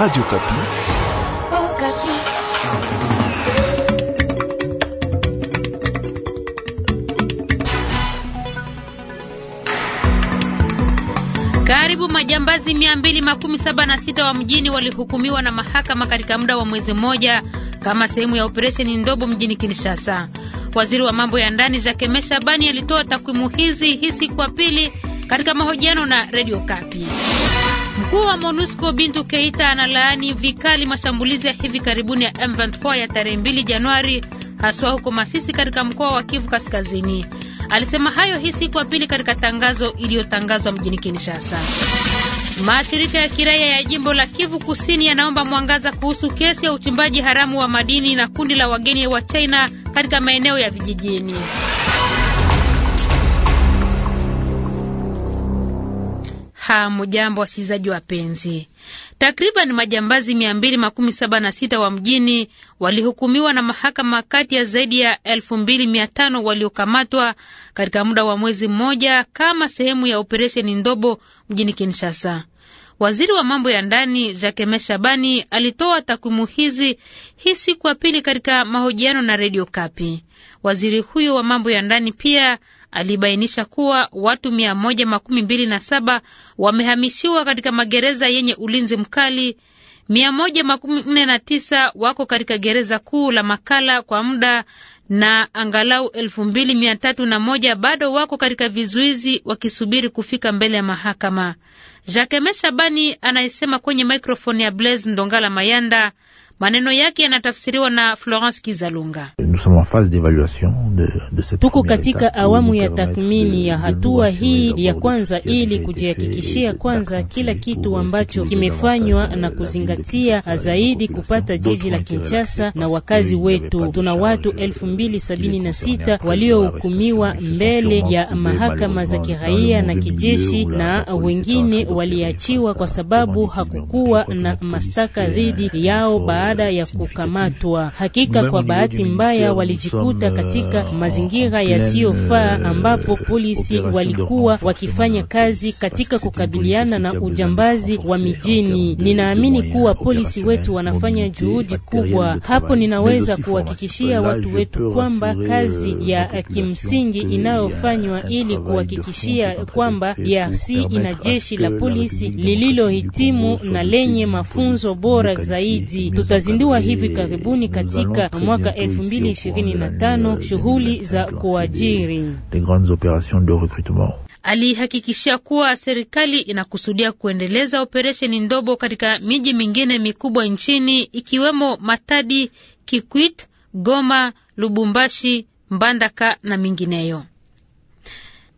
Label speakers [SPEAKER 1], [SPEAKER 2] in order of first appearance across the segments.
[SPEAKER 1] Radio Kapi. Oh,
[SPEAKER 2] Kapi.
[SPEAKER 3] Karibu majambazi 276 wa mjini walihukumiwa na mahakama katika muda wa mwezi mmoja kama sehemu ya operesheni Ndobo mjini Kinshasa. Waziri wa mambo ya ndani Jacques Meshabani alitoa takwimu hizi hii siku ya pili katika mahojiano na Radio Kapi. Mkuu wa MONUSCO Bintu Keita analaani vikali mashambulizi ya hivi karibuni ya m 24 ya tarehe 2 Januari haswa huko Masisi katika mkoa wa Kivu Kaskazini. Alisema hayo hii siku ya pili katika tangazo iliyotangazwa mjini Kinshasa. Mashirika ya kiraia ya jimbo la Kivu Kusini yanaomba mwangaza kuhusu kesi ya uchimbaji haramu wa madini na kundi la wageni wa China katika maeneo ya vijijini. Hamjambo wasikilizaji wapenzi. Takriban majambazi mia mbili makumi saba na sita wa mjini walihukumiwa na mahakama kati ya zaidi ya elfu mbili mia tano waliokamatwa katika muda wa mwezi mmoja kama sehemu ya operesheni Ndobo mjini Kinshasa. Waziri wa mambo ya ndani Jakeme Shabani alitoa takwimu hizi hii siku ya pili katika mahojiano na redio Kapi. Waziri huyo wa mambo ya ndani pia alibainisha kuwa watu mia moja makumi mbili na saba wamehamishiwa katika magereza yenye ulinzi mkali, mia moja makumi nne na tisa wako katika gereza kuu la Makala kwa muda na angalau elfu mbili mia tatu na moja bado wako katika vizuizi wakisubiri kufika mbele ya mahakama. Jakeme Shabani anayesema kwenye mikrofoni ya Blaise Ndongala Mayanda. Maneno yake yanatafsiriwa na Florence
[SPEAKER 4] Kizalunga. Tuko katika awamu ya tathmini ya hatua hii ya kwanza, ili kujihakikishia kwanza kila kitu ambacho kimefanywa na kuzingatia zaidi kupata jiji la Kinshasa na wakazi wetu. Tuna watu elfu 276 waliohukumiwa mbele ya mahakama za kiraia na kijeshi na wengine waliachiwa kwa sababu hakukuwa na mashtaka dhidi yao baada ya kukamatwa. Hakika kwa bahati mbaya walijikuta katika mazingira yasiyofaa ambapo polisi walikuwa wakifanya kazi katika kukabiliana na ujambazi wa mijini. Ninaamini kuwa polisi wetu wanafanya juhudi kubwa. Hapo ninaweza kuhakikishia watu wetu kwamba kazi ya kimsingi inayofanywa ili kuhakikishia kwamba DRC ina jeshi la polisi lililohitimu na lenye mafunzo bora zaidi. Tutazindua hivi karibuni katika mwaka 2025 shughuli za kuajiri.
[SPEAKER 3] Alihakikishia kuwa serikali inakusudia kuendeleza operesheni ndogo katika miji mingine mikubwa nchini ikiwemo Matadi, Kikwit, Goma, Lubumbashi, Mbandaka na mingineyo.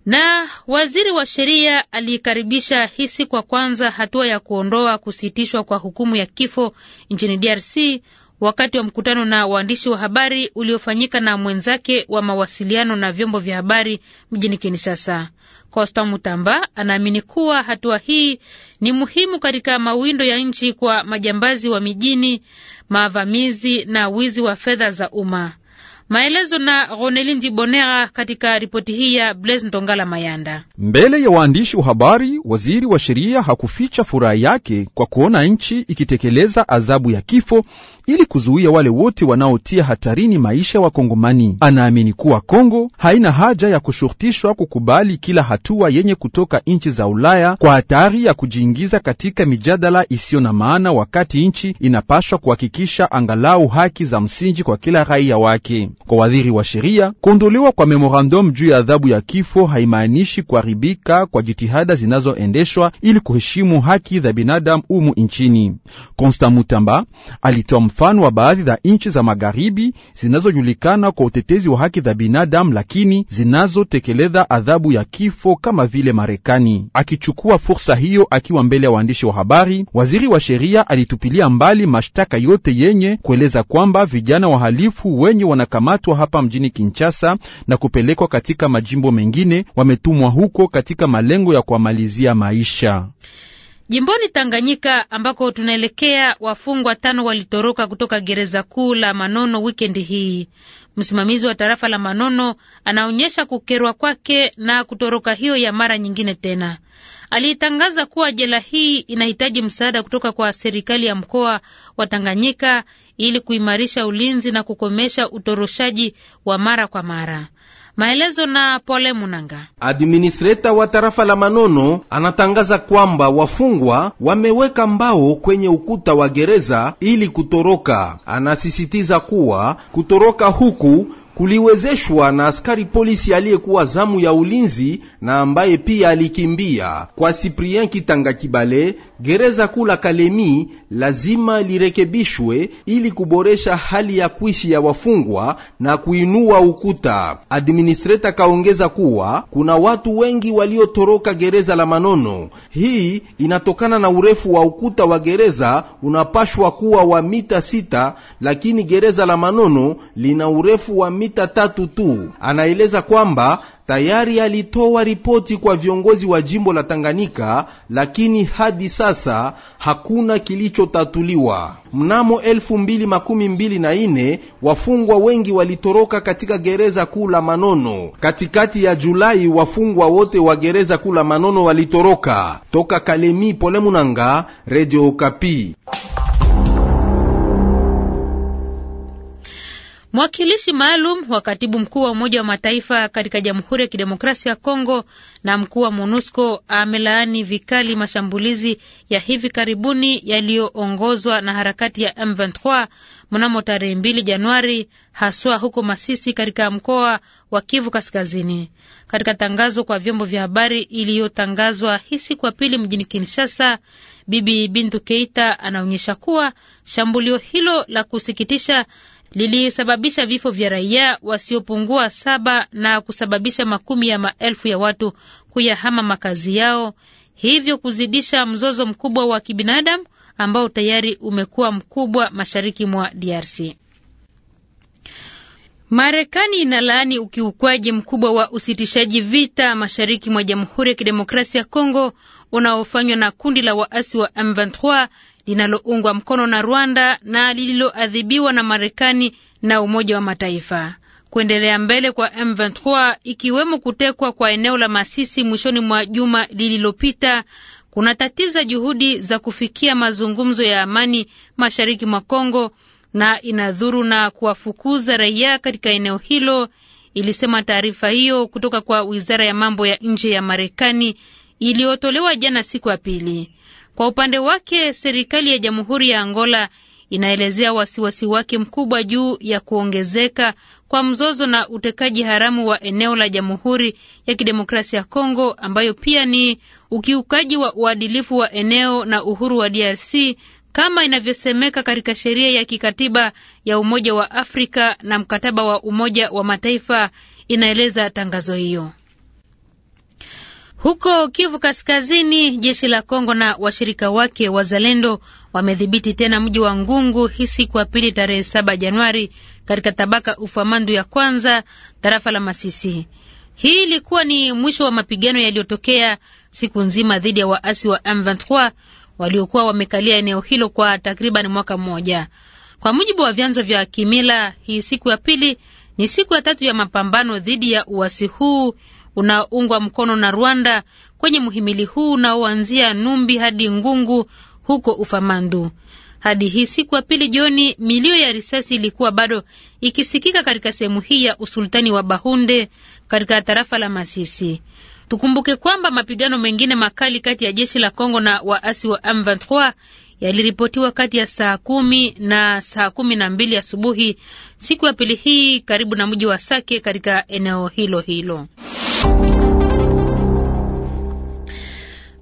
[SPEAKER 3] Na waziri wa sheria aliikaribisha hisi kwa kwanza hatua ya kuondoa kusitishwa kwa hukumu ya kifo nchini DRC wakati wa mkutano na waandishi wa habari uliofanyika na mwenzake wa mawasiliano na vyombo vya habari mjini Kinshasa. Costa Mutamba anaamini kuwa hatua hii ni muhimu katika mawindo ya nchi kwa majambazi wa mijini, mavamizi na wizi wa fedha za umma. Maelezo na Ronelin bonera katika ripoti hii ya Blaise Ndongala Mayanda.
[SPEAKER 1] Mbele ya waandishi wa habari, waziri wa sheria hakuficha furaha yake kwa kuona nchi ikitekeleza adhabu ya kifo ili kuzuia wale wote wanaotia hatarini maisha wa Wakongomani. Anaamini kuwa Kongo haina haja ya kushurutishwa kukubali kila hatua yenye kutoka nchi za Ulaya kwa hatari ya kujiingiza katika mijadala isiyo na maana, wakati nchi inapashwa kuhakikisha angalau haki za msingi kwa kila raia wake. Kwa wadhiri wa sheria, kuondolewa kwa memorandum juu ya adhabu ya kifo haimaanishi kuharibika kwa jitihada zinazoendeshwa ili kuheshimu haki za binadamu humu nchini. Constant Mutamba alitoa mfano wa baadhi za nchi za magharibi zinazojulikana kwa utetezi wa haki za binadamu, lakini zinazotekeleza adhabu ya kifo kama vile Marekani. Akichukua fursa hiyo akiwa mbele ya waandishi wa habari, waziri wa sheria alitupilia mbali mashtaka yote yenye kueleza kwamba vijana wahalifu wenye wanakamatwa hapa mjini Kinshasa na kupelekwa katika majimbo mengine wametumwa huko katika malengo ya kuwamalizia maisha.
[SPEAKER 3] Jimboni Tanganyika ambako tunaelekea, wafungwa tano walitoroka kutoka gereza kuu la Manono wikendi hii. Msimamizi wa tarafa la Manono anaonyesha kukerwa kwake na kutoroka hiyo ya mara nyingine tena. Alitangaza kuwa jela hii inahitaji msaada kutoka kwa serikali ya mkoa wa Tanganyika ili kuimarisha ulinzi na kukomesha utoroshaji wa mara kwa mara. Maelezo na Pole Munanga.
[SPEAKER 5] Administreta wa tarafa la Manono anatangaza kwamba wafungwa wameweka mbao kwenye ukuta wa gereza ili kutoroka. Anasisitiza kuwa kutoroka huku kuliwezeshwa na askari polisi aliyekuwa zamu ya ulinzi na ambaye pia alikimbia. Kwa Cyprien Kitanga Kibale, gereza kula Kalemi lazima lirekebishwe ili kuboresha hali ya kuishi ya wafungwa na kuinua ukuta. Administreta kaongeza kuwa kuna watu wengi waliotoroka gereza la Manono. Hii inatokana na urefu wa ukuta wa gereza unapashwa kuwa wa mita sita, lakini gereza la Manono lina urefu wa kilomita tatu tu. Anaeleza kwamba tayari alitoa ripoti kwa viongozi wa jimbo la Tanganyika, lakini hadi sasa hakuna kilichotatuliwa. Mnamo elfu mbili makumi mbili na ine wafungwa wengi walitoroka katika gereza kuu la Manono. Katikati ya Julai wafungwa wote wa gereza kuu la Manono walitoroka toka Kalemi. Pole Munanga, Radio Okapi.
[SPEAKER 3] Mwakilishi maalum wa katibu mkuu wa Umoja wa Mataifa katika Jamhuri ya Kidemokrasia ya Kongo na mkuu wa MONUSCO amelaani vikali mashambulizi ya hivi karibuni yaliyoongozwa na harakati ya M23 mnamo tarehe 2 Januari, haswa huko Masisi katika mkoa wa Kivu Kaskazini. Katika tangazo kwa vyombo vya habari iliyotangazwa hii siku ya pili mjini Kinshasa, Bibi Bintu Keita anaonyesha kuwa shambulio hilo la kusikitisha lilisababisha vifo vya raia wasiopungua saba na kusababisha makumi ya maelfu ya watu kuyahama makazi yao, hivyo kuzidisha mzozo mkubwa wa kibinadamu ambao tayari umekuwa mkubwa mashariki mwa DRC. Marekani inalaani ukiukwaji mkubwa wa usitishaji vita mashariki mwa Jamhuri ya Kidemokrasia ya Kongo unaofanywa na kundi la waasi wa M23 linaloungwa mkono na Rwanda na lililoadhibiwa na Marekani na Umoja wa Mataifa. Kuendelea mbele kwa M23 ikiwemo kutekwa kwa eneo la Masisi mwishoni mwa juma lililopita kunatatiza juhudi za kufikia mazungumzo ya amani mashariki mwa Kongo na inadhuru na kuwafukuza raia katika eneo hilo, ilisema taarifa hiyo kutoka kwa Wizara ya Mambo ya Nje ya Marekani iliyotolewa jana siku ya pili. Kwa upande wake, serikali ya Jamhuri ya Angola inaelezea wasiwasi wake mkubwa juu ya kuongezeka kwa mzozo na utekaji haramu wa eneo la Jamhuri ya Kidemokrasia ya Kongo ambayo pia ni ukiukaji wa uadilifu wa eneo na uhuru wa DRC kama inavyosemeka katika sheria ya kikatiba ya Umoja wa Afrika na mkataba wa Umoja wa Mataifa, inaeleza tangazo hiyo. Huko Kivu Kaskazini, jeshi la Kongo na washirika wake wazalendo wamedhibiti tena mji wa Ngungu hii siku ya pili tarehe saba Januari katika tabaka Ufamandu ya kwanza tarafa la Masisi. Hii ilikuwa ni mwisho wa mapigano yaliyotokea siku nzima dhidi ya waasi wa M23 waliokuwa wamekalia eneo hilo kwa takriban mwaka mmoja. Kwa mujibu wa vyanzo vya kimila, hii siku ya pili ni siku ya tatu ya mapambano dhidi ya uasi huu unaoungwa mkono na Rwanda kwenye mhimili huu unaoanzia Numbi hadi Ngungu huko Ufamandu. Hadi hii siku ya pili jioni, milio ya risasi ilikuwa bado ikisikika katika sehemu hii ya usultani wa Bahunde katika tarafa la Masisi. Tukumbuke kwamba mapigano mengine makali kati ya jeshi la Kongo na waasi wa M23 yaliripotiwa kati ya saa kumi na saa kumi na mbili asubuhi siku ya pili hii karibu na mji wa Sake katika eneo hilo hilo.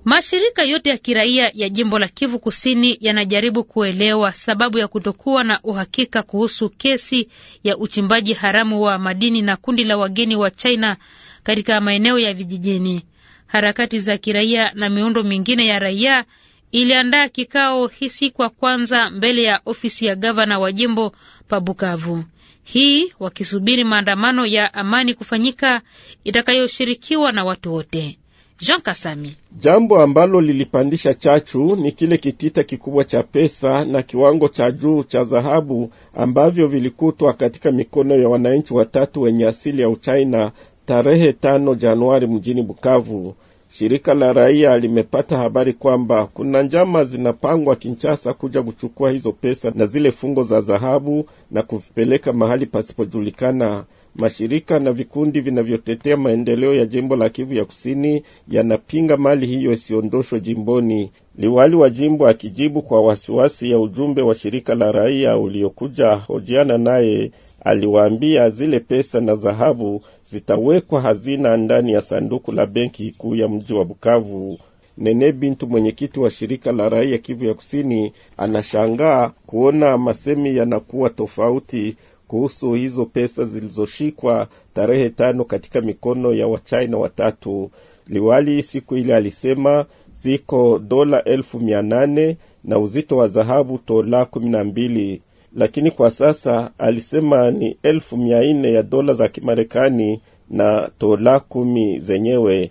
[SPEAKER 3] Mashirika yote ya kiraia ya jimbo la Kivu Kusini yanajaribu kuelewa sababu ya kutokuwa na uhakika kuhusu kesi ya uchimbaji haramu wa madini na kundi la wageni wa China katika maeneo ya vijijini. Harakati za kiraia na miundo mingine ya raia iliandaa kikao hii siku ya kwanza mbele ya ofisi ya gavana wa jimbo pa Bukavu hii wakisubiri maandamano ya amani kufanyika itakayoshirikiwa na watu wote. Jean Kasami.
[SPEAKER 2] Jambo ambalo lilipandisha chachu ni kile kitita kikubwa cha pesa na kiwango cha juu cha dhahabu ambavyo vilikutwa katika mikono ya wananchi watatu wenye asili ya Uchaina tarehe tano Januari mjini Bukavu. Shirika la raia limepata habari kwamba kuna njama zinapangwa Kinshasa kuja kuchukua hizo pesa na zile fungo za dhahabu na kuvipeleka mahali pasipojulikana. Mashirika na vikundi vinavyotetea maendeleo ya jimbo la Kivu ya Kusini yanapinga mali hiyo isiondoshwe jimboni. Liwali wa jimbo akijibu kwa wasiwasi ya ujumbe wa shirika la raia uliokuja hojiana naye aliwaambia zile pesa na dhahabu zitawekwa hazina ndani ya sanduku la benki kuu ya mji wa Bukavu. Nene Bintu, mwenyekiti wa shirika la raia Kivu ya Kusini, anashangaa kuona masemi yanakuwa tofauti kuhusu hizo pesa zilizoshikwa tarehe tano katika mikono ya Wachina watatu. Liwali siku ile alisema ziko dola elfu mia nane na uzito wa dhahabu tola kumi na mbili lakini kwa sasa alisema ni elfu mia nne ya dola za Kimarekani na tola kumi zenyewe.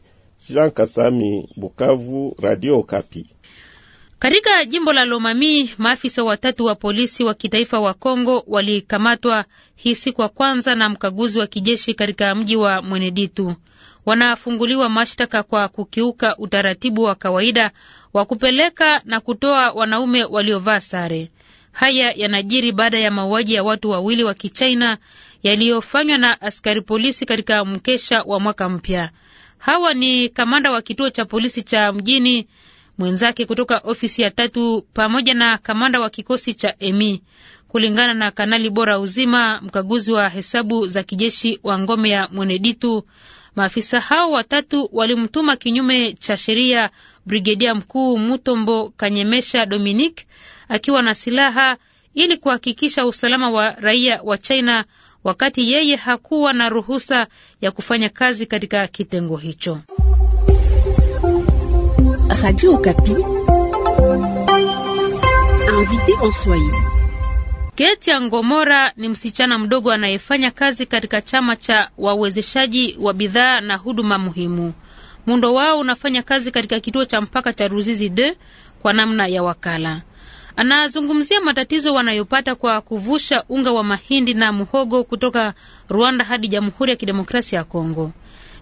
[SPEAKER 2] Jean Kasami, Bukavu, Radio Kapi.
[SPEAKER 3] Katika jimbo la Lomami, maafisa watatu wa polisi wa kitaifa wa Kongo walikamatwa hii siku ya kwanza na mkaguzi wa kijeshi katika mji wa Mweneditu. Wanafunguliwa mashtaka kwa kukiuka utaratibu wa kawaida wa kupeleka na kutoa wanaume waliovaa sare. Haya yanajiri baada ya mauaji ya watu wawili wa kichaina yaliyofanywa na askari polisi katika mkesha wa mwaka mpya. Hawa ni kamanda wa kituo cha polisi cha mjini mwenzake kutoka ofisi ya tatu pamoja na kamanda wa kikosi cha EMI, kulingana na Kanali Bora Uzima, mkaguzi wa hesabu za kijeshi wa ngome ya Mweneditu. Maafisa hao watatu walimtuma kinyume cha sheria Brigedia Mkuu Mutombo Kanyemesha dominik akiwa na silaha ili kuhakikisha usalama wa raia wa China wakati yeye hakuwa na ruhusa ya kufanya kazi katika kitengo hicho.
[SPEAKER 4] Radio Okapi. Invité en Swahili.
[SPEAKER 3] Ketia Ngomora ni msichana mdogo anayefanya kazi katika chama cha wawezeshaji wa bidhaa na huduma muhimu. Muundo wao unafanya kazi katika kituo cha mpaka cha Ruzizi de kwa namna ya wakala. Anazungumzia matatizo wanayopata kwa kuvusha unga wa mahindi na muhogo kutoka Rwanda hadi Jamhuri ya Kidemokrasia ya Kongo.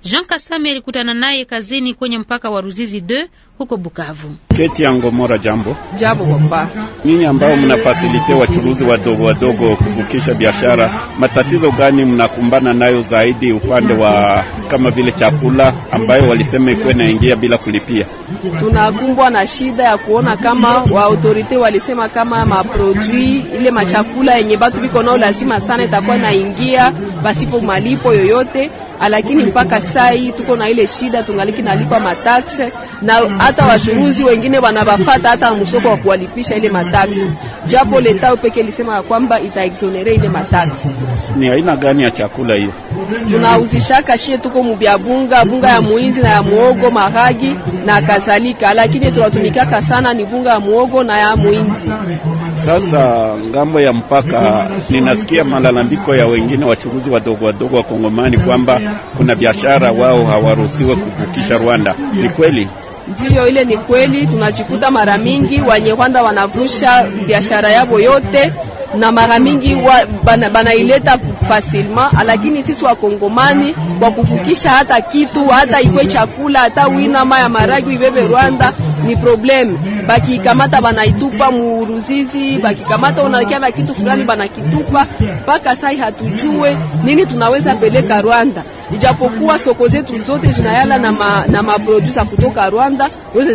[SPEAKER 3] Jean Kasami alikutana naye kazini kwenye mpaka wa Ruzizi 2 huko Bukavu.
[SPEAKER 6] Keti ya Ngomora, jambo
[SPEAKER 3] jambo baba.
[SPEAKER 6] Nyinyi ambao mnafasilite wachuruzi wadogo wadogo kuvukisha biashara, matatizo gani mnakumbana nayo zaidi upande wa kama vile chakula ambayo walisema ikuwe naingia bila kulipia?
[SPEAKER 7] Tunakumbwa na shida ya kuona kama wa autorite walisema kama maprodui ile machakula yenye batu viko nao lazima sana itakuwa naingia pasipo malipo yoyote Ah, lakini mpaka hii tuko na ile shida, tungaliki nalipa mataxe na hata washuruzi wengine wanabafata hata msoko wa kuwalipisha ile mataxe, japo leta upeke lisema ya kwamba itaexonere ile mataxe. Ni
[SPEAKER 6] aina gani ya chakula hiyo
[SPEAKER 7] tunauzishaka? Shie tuko mubia bunga bunga ya muinzi na ya muogo, maragi na kadhalika, lakini tunatumikaka sana ni bunga ya muogo na ya muinzi.
[SPEAKER 6] Sasa ngambo ya mpaka, ninasikia malalamiko ya wengine wachuruzi wadogo wadogo wa Kongomani kwamba kuna biashara wao hawaruhusiwe kuvukisha Rwanda. Ni kweli?
[SPEAKER 7] Ndiyo, ile ni kweli. Tunajikuta mara mingi Wanyarwanda wanavusha biashara yabo yote na mara mingi banaileta bana fasilma, lakini sisi wakongomani kwa kufukisha hata kitu hata ikwe chakula hata wina maya maragi ibebe Rwanda ni problem. Bakikamata banaitupa muruzizi, bakikamata na kitu fulani banakitupa. Mpaka sai hatujue nini tunaweza peleka Rwanda, ijapokuwa soko zetu zote zinayala na, ma, na maprodusa kutoka Rwanda weze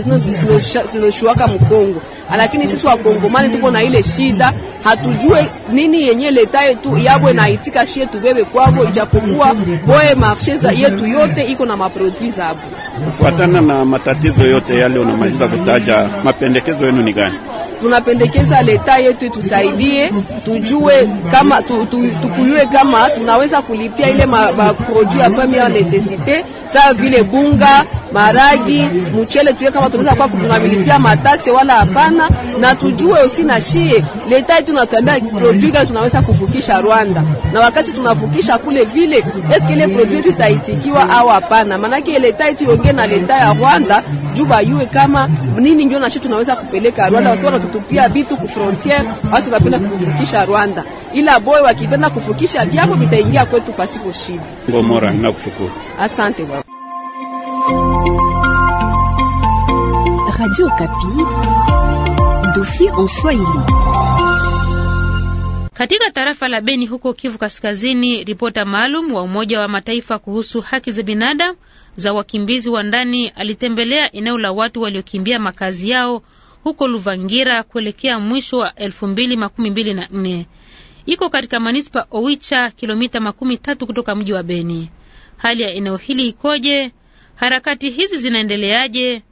[SPEAKER 7] zinoshuaka Mkongo lakini sisi wakongomani tuko na ile shida, hatujue nini yenye leta yetu yabwe na itika shie tubebe kwabo, ijapokuwa boe marshe yetu yote iko na maprodui zabo.
[SPEAKER 6] Kufuatana na matatizo yote yale unamaliza kutaja, mapendekezo yenu ni gani?
[SPEAKER 7] tunapendekeza leta yetu itusaidie, tujue kama tu, tu, kama tunaweza kulipia ile maprodui ma, ya premiere necessite saa vile bunga maragi, mchele, tuwe kama tunaweza kwa tunamilipia mataksi wala hapana, na tujue usi na shie leta yetu natuambia produit gani tunaweza kuvukisha Rwanda, na wakati tunavukisha kule vile, eske ile produit yetu itaitikiwa au hapana? Maanake leta yetu yonge na leta ya Rwanda juba yue kama nini ndio nashi tunaweza kupeleka Rwanda, wasio wanatutupia vitu ku frontiere, watu wanapenda kuvukisha Rwanda, ila boy wakipenda kufukisha vyao vitaingia kwetu pasipo shida.
[SPEAKER 6] Ngomora, nakushukuru.
[SPEAKER 7] Asante baba. Radio Kapi, dossier
[SPEAKER 4] en Swahili.
[SPEAKER 3] Katika tarafa la Beni huko Kivu Kaskazini, ripota maalum wa Umoja wa Mataifa kuhusu haki za binadamu za wakimbizi wa ndani alitembelea eneo la watu waliokimbia makazi yao huko Luvangira kuelekea mwisho wa 2024. Iko katika manispa Owicha, kilomita makumi tatu kutoka mji wa Beni. Hali ya eneo hili ikoje? Harakati hizi zinaendeleaje?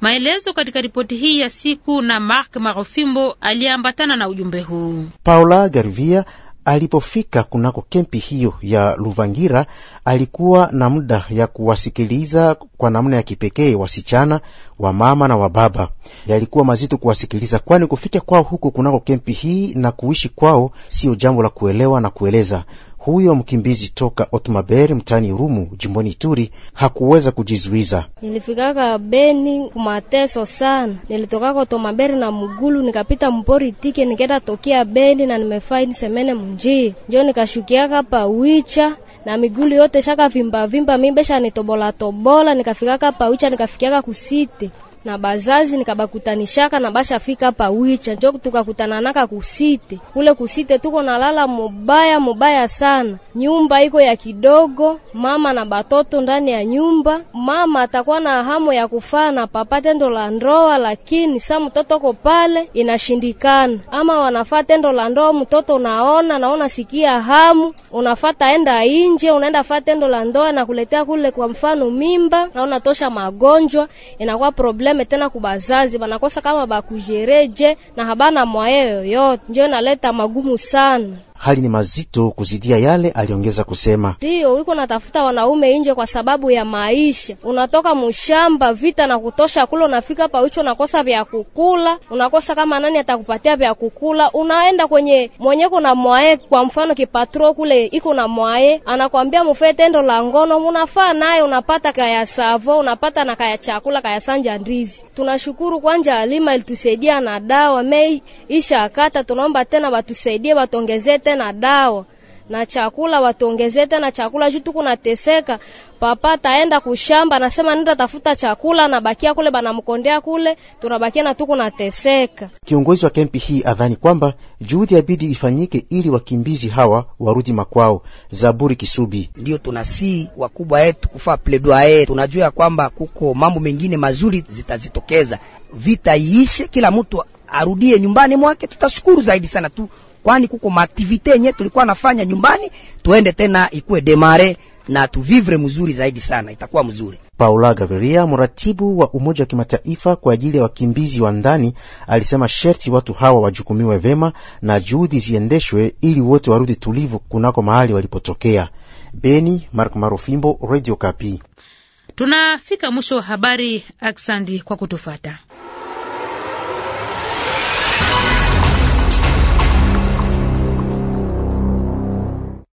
[SPEAKER 3] Maelezo katika ripoti hii ya siku na Mark Marofimbo aliyeambatana na ujumbe huu.
[SPEAKER 8] Paula Garvia alipofika kunako kempi hiyo ya Luvangira alikuwa na muda ya kuwasikiliza kwa namna ya kipekee wasichana wa mama na wa baba. Yalikuwa mazito kuwasikiliza, kwani kufika kwao huko kunako kempi hii na kuishi kwao sio jambo la kuelewa na kueleza huyo mkimbizi toka Otmaber mtaani Rumu jimboni Ituri hakuweza kujizuiza.
[SPEAKER 9] Nilifikaka Beni kumateso sana, nilitokaka Otmaber na mugulu nikapita mpori tike nikenda tokia Beni na nimefaini semene munjii njo nikashukiaka pawicha na migulu yote shaka vimba vimba mibesha nitobola tobola nikafikaka pawicha nikafikiaka kusite na bazazi nikabakutanishaka na bashafika pa wicha njo tukakutananaka kusite. Kule kusite tuko nalala mubaya mubaya sana, nyumba iko ya kidogo, mama na batoto ndani ya nyumba. Mama atakuwa na hamu ya kufaa na papa tendo la ndoa, lakini sa mtoto ko pale inashindikana, ama wanafaa tendo la ndoa. Mtoto naona naona sikia hamu, unafata enda inje, unaenda fata tendo la ndoa na kuletea kule, kwa mfano mimba, naona tosha magonjwa, inakuwa problem probleme tena kubazazi, banakosa kama bakujereje na habana mwaye yoyote, njo naleta magumu sana
[SPEAKER 8] hali ni mazito kuzidia yale. Aliongeza kusema
[SPEAKER 9] ndiyo wiko natafuta wanaume nje kwa sababu ya maisha. Unatoka mushamba vita na kutosha kula, unafika pa ucho unakosa vya kukula, unakosa kama nani atakupatia vya kukula. Unaenda kwenye mwenyeko na mwae, kwa mfano kipatro kule iko na mwae, anakwambia mufe tendo la ngono, munafaa naye, unapata kaya savo, unapata na kaya chakula, kaya sanja ndizi. Tunashukuru kwanja alima ilitusaidia na dawa mei isha akata, tunaomba tena watusaidie batongezete tena dawa na chakula watuongezee tena chakula juu tuku nateseka. Papa taenda kushamba, nasema nenda tafuta chakula, nabakia kule banamkondea kule, tunabakia na tuku nateseka.
[SPEAKER 8] Kiongozi wa kempi hii adhani kwamba juhudi ya bidi ifanyike ili wakimbizi hawa warudi makwao. Zaburi Kisubi:
[SPEAKER 9] ndio tunasii wakubwa yetu kufaa pledoaye, tunajua ya kwamba kuko mambo mengine mazuri zitazitokeza, vita iishe, kila mtu arudie nyumbani mwake, tutashukuru zaidi sana tu kwani kuko maaktivite yenye tulikuwa nafanya nyumbani, tuende tena ikuwe demare na tuvivre mzuri zaidi sana, itakuwa mzuri.
[SPEAKER 8] Paula Gaviria, mratibu wa Umoja wa Kimataifa kwa ajili ya wakimbizi wa ndani, alisema sherti watu hawa wajukumiwe vema na juhudi ziendeshwe ili wote warudi tulivu kunako mahali walipotokea. Beni, Mark Marofimbo, Radio Kapi.
[SPEAKER 3] Tunafika mwisho wa habari. Aksandi kwa kutufata.